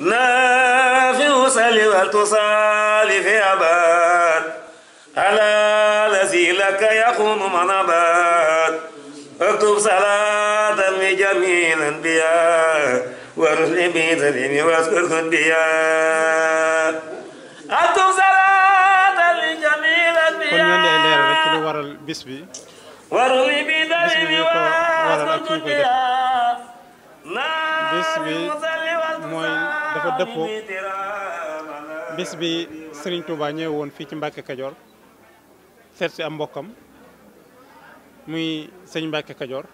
نافع سل والتصال في أباد على الذي لك يقوم من أباد اكتب صلاة لجميع الأنبياء ورسل بتسليم واذكر كنبياء اكتب صلاة لجميع الأنبياء warul bi dalil bi waral ak kii koy def bis bi mooy dafa dëppoo bis bi Serigne Touba ñëw woon fii ci Mbacke Kajoor seet si am mbokkam muy sëñ Mbacke Kajoor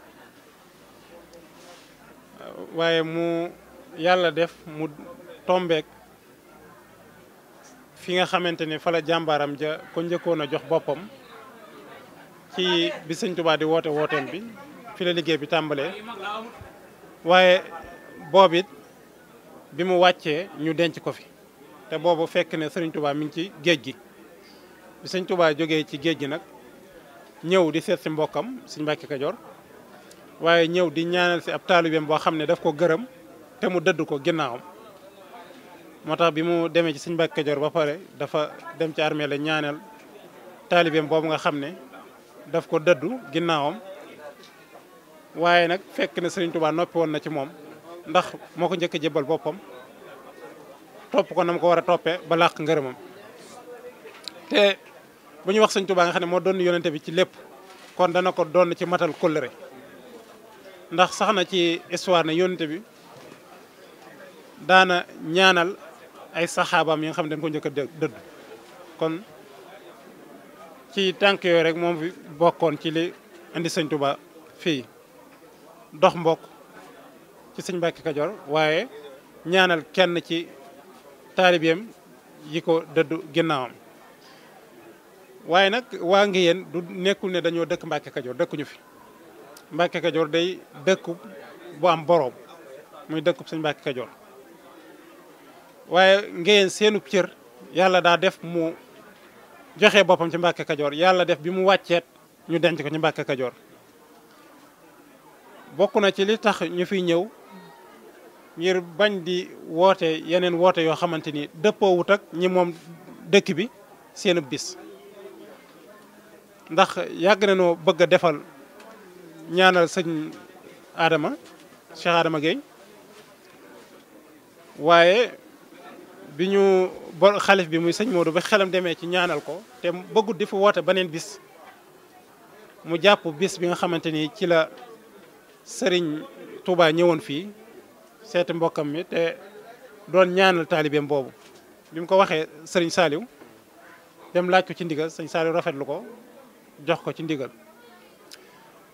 waaye mu yàlla def mu tombeek fi nga xamante ni fala la jàmbaaram ja ko njëkkoon a jox boppam ci bi sëñ Touba di woote wooteem bi fi liggéey bi tàmbalee waaye boobit bi mu wàccee ñu denc ko fi te boobu fekk ne sëriñ Touba mi ngi ci géej gi bi sëñ Touba jógee ci géej gi nag ñëw di seet si mbokkam sëñ Mbàkke Kajoor waaye ñëw di ñaanal si ab taalibeem boo xam ne daf ko gërëm te mu dëdd ko ginnaawam moo tax bi mu demee ci sëñ Mbàkke Kajoor ba pare dafa dem ci armée ñaaneel ñaanal taalibeem boobu nga xam ne daf ko dëddu ginnaawam waaye nag fekk ne sëriñ Touba noppi woon na ci moom ndax moo ko njëkk a jébbal boppam topp ko nam ko war a toppee ba làq ngërëmam te bu ñu wax sëñ Tuubaa nga xam ne moo doon yonente bi ci lépp kon dana ko doon ci matal kóllëre ndax sax na ci histoire ne yonente bi daana ñaanal ay saxaabaam yi nga xam ne dañ ko njëkk a dëdd kon ci tànk yooyu rek moom fi bokkoon ci li indi sëñ Tuubaa fii dox mbokk ci sëñ Mbàkke Kajoor waaye ñaanal kenn ci taalibeem yi ko dëddu ginnaawam waaye nag waa ngi yéen du nekkul ne dañoo dëkk Mbàkke Kajoor dëkkuñu fi Mbàkke Kajoor day dëkku bu am boroom muy dëkku sëñ Mbàkke Kajoor waaye ngeen seenu cër yàlla daa def mu joxe boppam ci Mbàkke Kajoor yàlla def bi mu wàcceet ñu denc ko ci Mbàkke Kajoor bokk na ci li tax ñu fiy ñëw ngir bañ di woote yeneen woote yoo xamante ni dëppoowut ak ñi moom dëkk bi seen bis ndax yàgg na noo bëgg defal ñaanal sëñ Adama Cheikh Adama Gueye waaye bi ñu bor xalif bi muy sëñ Modou ba xelam demee ci ñaanal ko te bëggut di fa woote beneen bis mu jàpp bis bi nga xamante ni ci la sëriñ Touba ñëwoon fii seeti mbokkam mi te doon ñaanal taalibeem boobu bi mu ko waxee sëriñ saaliw dem laaj ko ci ndigal sëñ Saliou rafetlu ko jox ko ci ndigal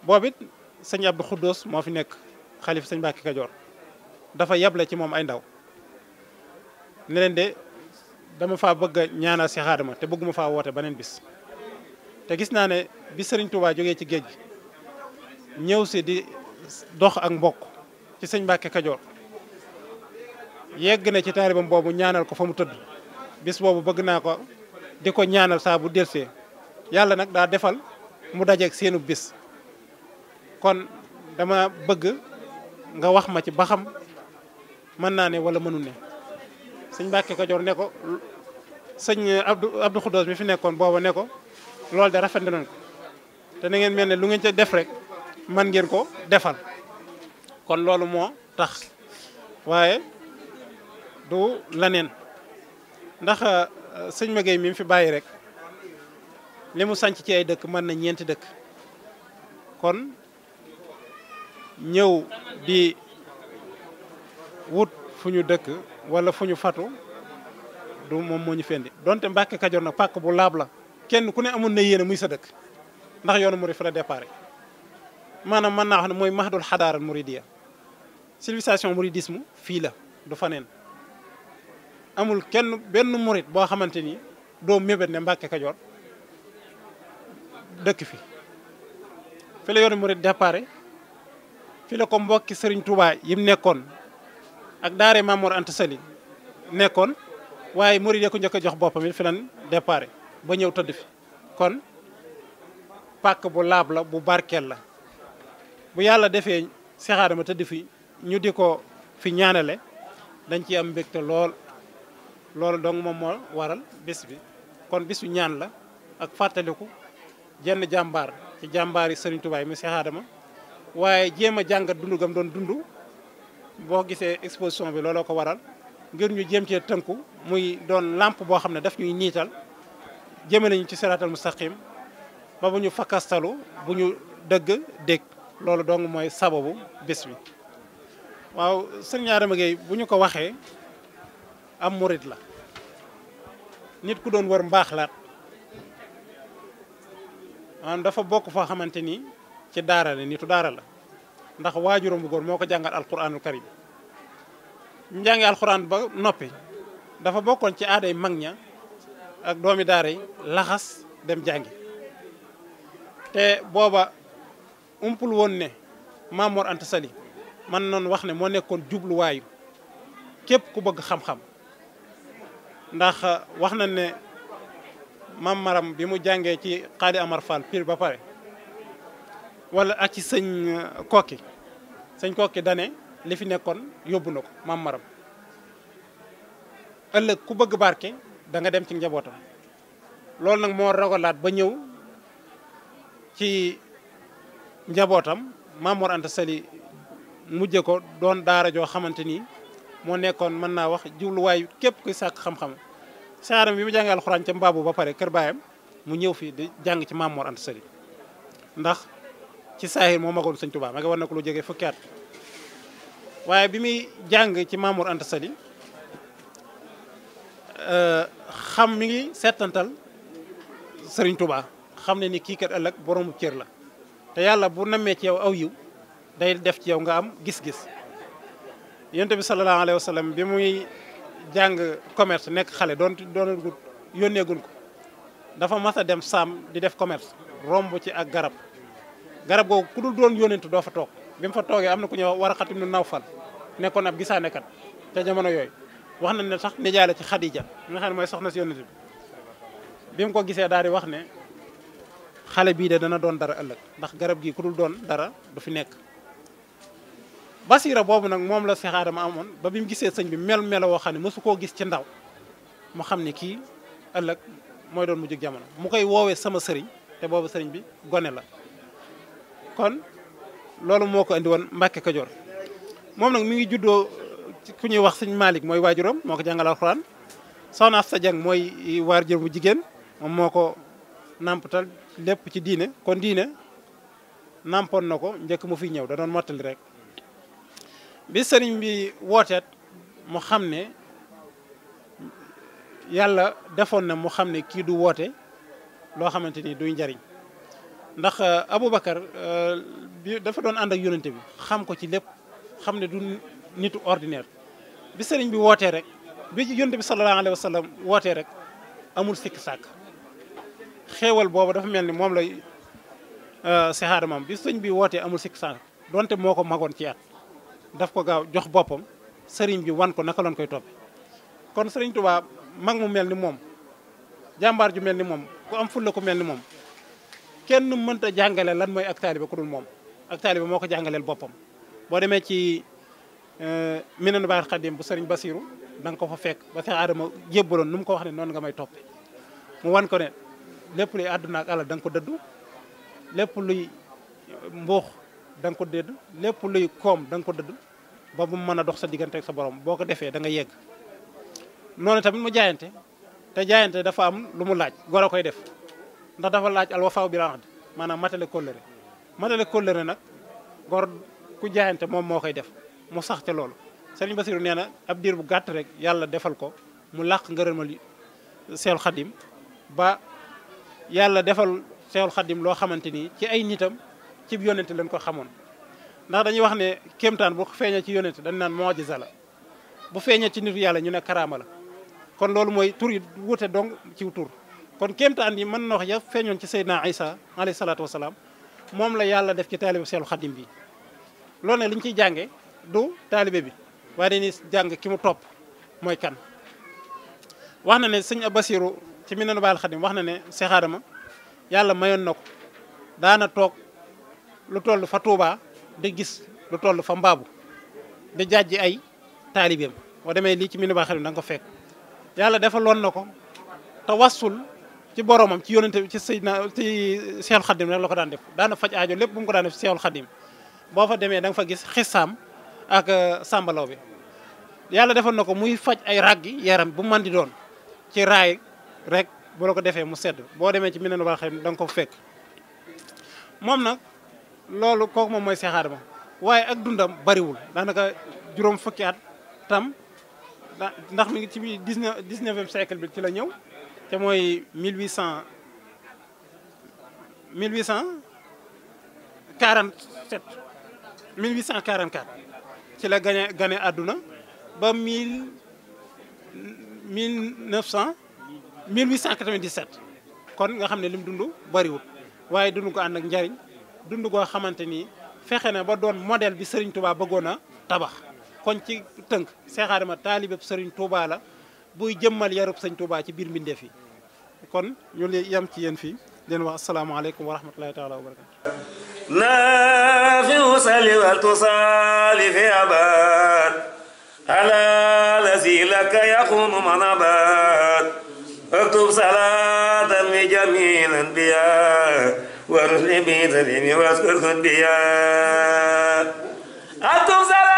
boobit sëñ Abdou Khoudous moo fi nekk xalif sëñ Mbacke Kajoor dafa yable ci moom ay ndaw ne leen de dama fa bëgg a ñaanal si xaadama te bëgguma faa woote beneen bis te gis naa ne bi sëriñ Touba jógee ci géej gi ñëw si di dox ak mbokk ci sëñ Mbacke Kajoor yegg na ci taalibam boobu ñaanal ko fa mu tëdd bis boobu bëgg naa ko di ko ñaanal saa bu delsee yàlla nag daa defal mu dajeeg seenu bis kon dama bëgg nga wax ma ci ba xam mën naa ne wala mënu ne sëñ Mbàkke Kajoor ne ko sëñ Abdou mi fi nekkoon booba ne ko loolu de rafet nañ ko te na ngeen mel ne lu ngeen ca def rek man ngeen ko defal kon loolu moo tax waaye du laneen ndax euh, sëñ Maguette mi mu fi bàyyi rek li mu sanc ci ay dëkk mën na ñeenti dëkk kon ñëw di wut fu ñu dëkk wala fu ñu fatu du moom moo ñu fendi donte Mbàkke Kajoor nag pàkk bu laab la kenn ku ne amoon na yéene muy sa dëkk ndax yoonu murid fa la départ maanaam mën naa xam ne mooy mahdul xadaara muridiyya civilisation mouridisme fii la du faneen amul kenn benn murit boo xamante ni doo mébét ne Mbàkke Kajoor dëkk fi fi la yoonu murit déparé fi la ko mbokki Serigne Touba yim nekkoon ak daare Mamour Anta Sali nekkoon waaye murit ya ko njëkk a jox boppam it fi lan déparé ba ñëw tëdd fi kon pàkk bu laab la bu barkeel la bu yàlla defee Seex Aadama tëdd fi ñu di ko fi ñaanale dañ ci am mbégte lool loolu donc moom moo waral bés bi kon bisu ñaan la ak fàttaliku jenn jàmbaar ci jàmbaar yi Serigne Touba yi mu Cheikh waaye jéem a jàngat dund gam doon dund boo gisee exposition bi looloo ko waral ngir ñu jéem cee tënku muy doon làmp boo xam ne daf ñuy niital jëme nañu ci siraatal mustaqim ba bu ñu fakkastalu bu ñu dëgg dégg loolu dong mooy sababu bés bi waaw Serigne Adama Gueye bu ñu ko waxee am murit la nit ku doon wër mbaax la maanaam dafa bokk foo xamante ni ci daara la nitu daara la ndax waajuram bu góor moo ko jàngal alquranul karim ñu jàngi alquran ba noppi dafa bokkoon ci aaday mag ña ak doomi daara yi laxas dem jàngi te booba umpul woon ne Maam Mor Anta Sali man noonu wax ne moo nekkoon jubluwaayu képp ku bëgg xam-xam ndax euh, wax na ne maam maram bi mu jàngee ci xaadi Amar Fall Pire ba pare wala ak ci sëñ euh, kokki sëñ kokki dane li fi nekkoon yóbbu na ko maam maram ëllëg ku bëgg barke danga dem ci njabootam loolu nag moo ragalaat ba ñëw ci njabootam Maam Mor Anta Sali mujje ko doon daara joo xamante ni moo nekkoon mën naa wax jubluwaay képp kuy sàkk xam-xam saaram bi mu jàngee alxuraan ca mbaabu ba pare kër baayam mu ñëw fii di jàng ci Maam Mor Anta ndax ci saahir moo magoon sëñ Tuubaa ma nga war na ko lu jege fukki at waaye bi muy jàng ci Maam Mor euh, xam mi ngi seetantal sëriñ tubaa xam ne ni kii kat ëllëg boromu cër la te yàlla bu nammee ci yow aw yiw day def ci yow nga am gis-gis yonent bi sallallahu alayhi bi muy jàng commerce nekk xale doon doon yónneegun ko dafa mas a dem saam di def commerce romb ci ak garab garab googu ku dul doon yónnentu doo fa toog bi mu fa toogee am na ku ñëw war a xatim nu nawfal nekkoon ab gisaanekat ca jamono yooyu wax nañ ne sax nijaay ci Xadija nga xam ne mooy soxna si yónnent bi bi mu ko gisee daal di wax ne xale bii de dana doon dara ëllëg ndax garab gi ku doon dara du fi nekk basiira boobu nag moom la Cheikh Adama amoon ba bi mu gisee sëñ bi mel melo xam ne mosu koo gis ci ndaw mu xam ne kii ëllëg mooy doon mujj jamono mu koy woowee sama sëriñ te boobu sëriñ bi gone la kon loolu moo ko andi woon Mbàkke Kajoor moom nag mu ngi juddoo ku ñuy wax sëñ Malick mooy waajuram moo ko jàngal alxuraan soxna Asta Dieng mooy waajur bu jigéen moom moo ko nampatal lépp ci diine kon diine nampoon na ko njëkk mu fi ñëw da doon mottali rek bi sëriñ bi wooteet moo xam ne yàlla defoon na moo xam ne kii du woote loo xamante ni duy njariñ ndax euh, Aboubacar euh, bi dafa doon ànd ak yonente bi xam ko ci lépp xam ne du nitu ordinaire bi sëriñ bi wootee rek bi yonente bi sallallahu alayhi wa wootee rek amul sikk sàkk xéewal boobu dafa mel ni moom lay euh, sixaar maam bi sëñ bi wootee amul sikki sàkk donte moo ko magoon ci at daf ko gaaw jox boppam sëriñ bi wan ko naka lañ koy toppee kon sëriñ Tuubaa mag mu mel ni moom jàmbaar ju mel ni moom ku am fulla ko mel ni moom kenn mënta jàngale lan mooy ak taalibe ku dul moom ak taalibe moo ko jàngaleel boppam boo demee ci eh, Minanu Baay Xaadim bu sëriñ Basiru da nga ko fa fekk ba Seex Aadama jébbaloon nu mu ko wax ne noonu nga may toppe mu wan ko ne lépp luy àdduna ak alal da nga ko dëddu lépp luy eh, mbuux danga ko dëdd lépp luy koom da nga ko dëdd ba bu mën a dox sa diggante sa borom boo ko defee danga nga yegg noonu tamit mu jaayante te jaayante dafa am lu mu laaj gor koy def ndax dafa laaj al faw bil ahd maanaam matale kóllëre matale kóllëre nag gor ku jaayante moom moo koy def mu saxte loolu sëriñ Basiru nee na ab diir bu gàtt rek yàlla defal ko mu làq ngërëmal Seexul Xadim ba yàlla defal Seexul Xadim loo xamante ni ci ay nitam cib yonente lañ ko xamoon ndax dañuy wax ne kéemtaan bu feeñee ci yonent dañ naan mojiza la bu feeñee ci nitu yàlla ñu ne karaama la kon loolu mooy tur yi wute dong ci tur kon kéemtaan yi mën na wax ya feeñoon ci Seydina Isa alayhi salaatu wasalaam moom la yàlla def ci taalibe Seexul Xadim bi loolu ne li ciy jànge du taalibe bi waaye dañuy jàng ki mu topp mooy kan wax na ne sëñ Abasiru ci mi nenu baal Xadim wax na ne Seex Aadama yàlla mayoon na ko daana toog lu toll fa Tuubaa da gis lu toll fa mbaabu di jàjji ay taalibeem boo demee lii ci minu baa xel da nga ko fekk yàlla defaloon na ko tawassul ci boromam ci yonente ci Seydina ci Seexul Xadim rek la ko daan def daana faj aajo lépp bu mu ko daan def ci Seexul Xadim boo fa demee da nga fa gis xisaam ak euh, sàmbalaw bi yàlla defal na ko muy faj ay raggi yaram bu man di doon ci raay rek bu la ko defee mu sedd boo demee ci mine baa xel da nga ko fekk moom nag loolu kooku moom mooy Cheikh Adama waaye ak dundam bariwul daanaka juróom fukki at tam ndax mi ngi ci biir dix-neuf dix-neuvième siècle ci la ñëw mooy mille huit cent mille huit cent quarante-sept mille huit cent quarante-quatre ci la gane gane àdduna ba mille mille neuf cent mille huit cent quatre-vingt-dix-sept kon nga xam ne lim dund bariwul waaye dund ko ànd ak njariñ dund goo xamante ni fexe na ba doon modèle bi sëriñ Touba bëggoon a tabax. kon ci tënk Cheikh Adama taalibeb Serigne Touba la buy jëmmal yarub Serigne Touba ci biir mbindeef yi kon ñu yam ci yéen fii leen wax asalaamaaleykum wa rahmatulahi taala wa barakatu naafiu sali wal tusaali fi abad ala lazi laka yaqunu man abad اكتب صلاة لجميع الأنبياء ورسلي به تسليمي واذكر صديا أنتم سلام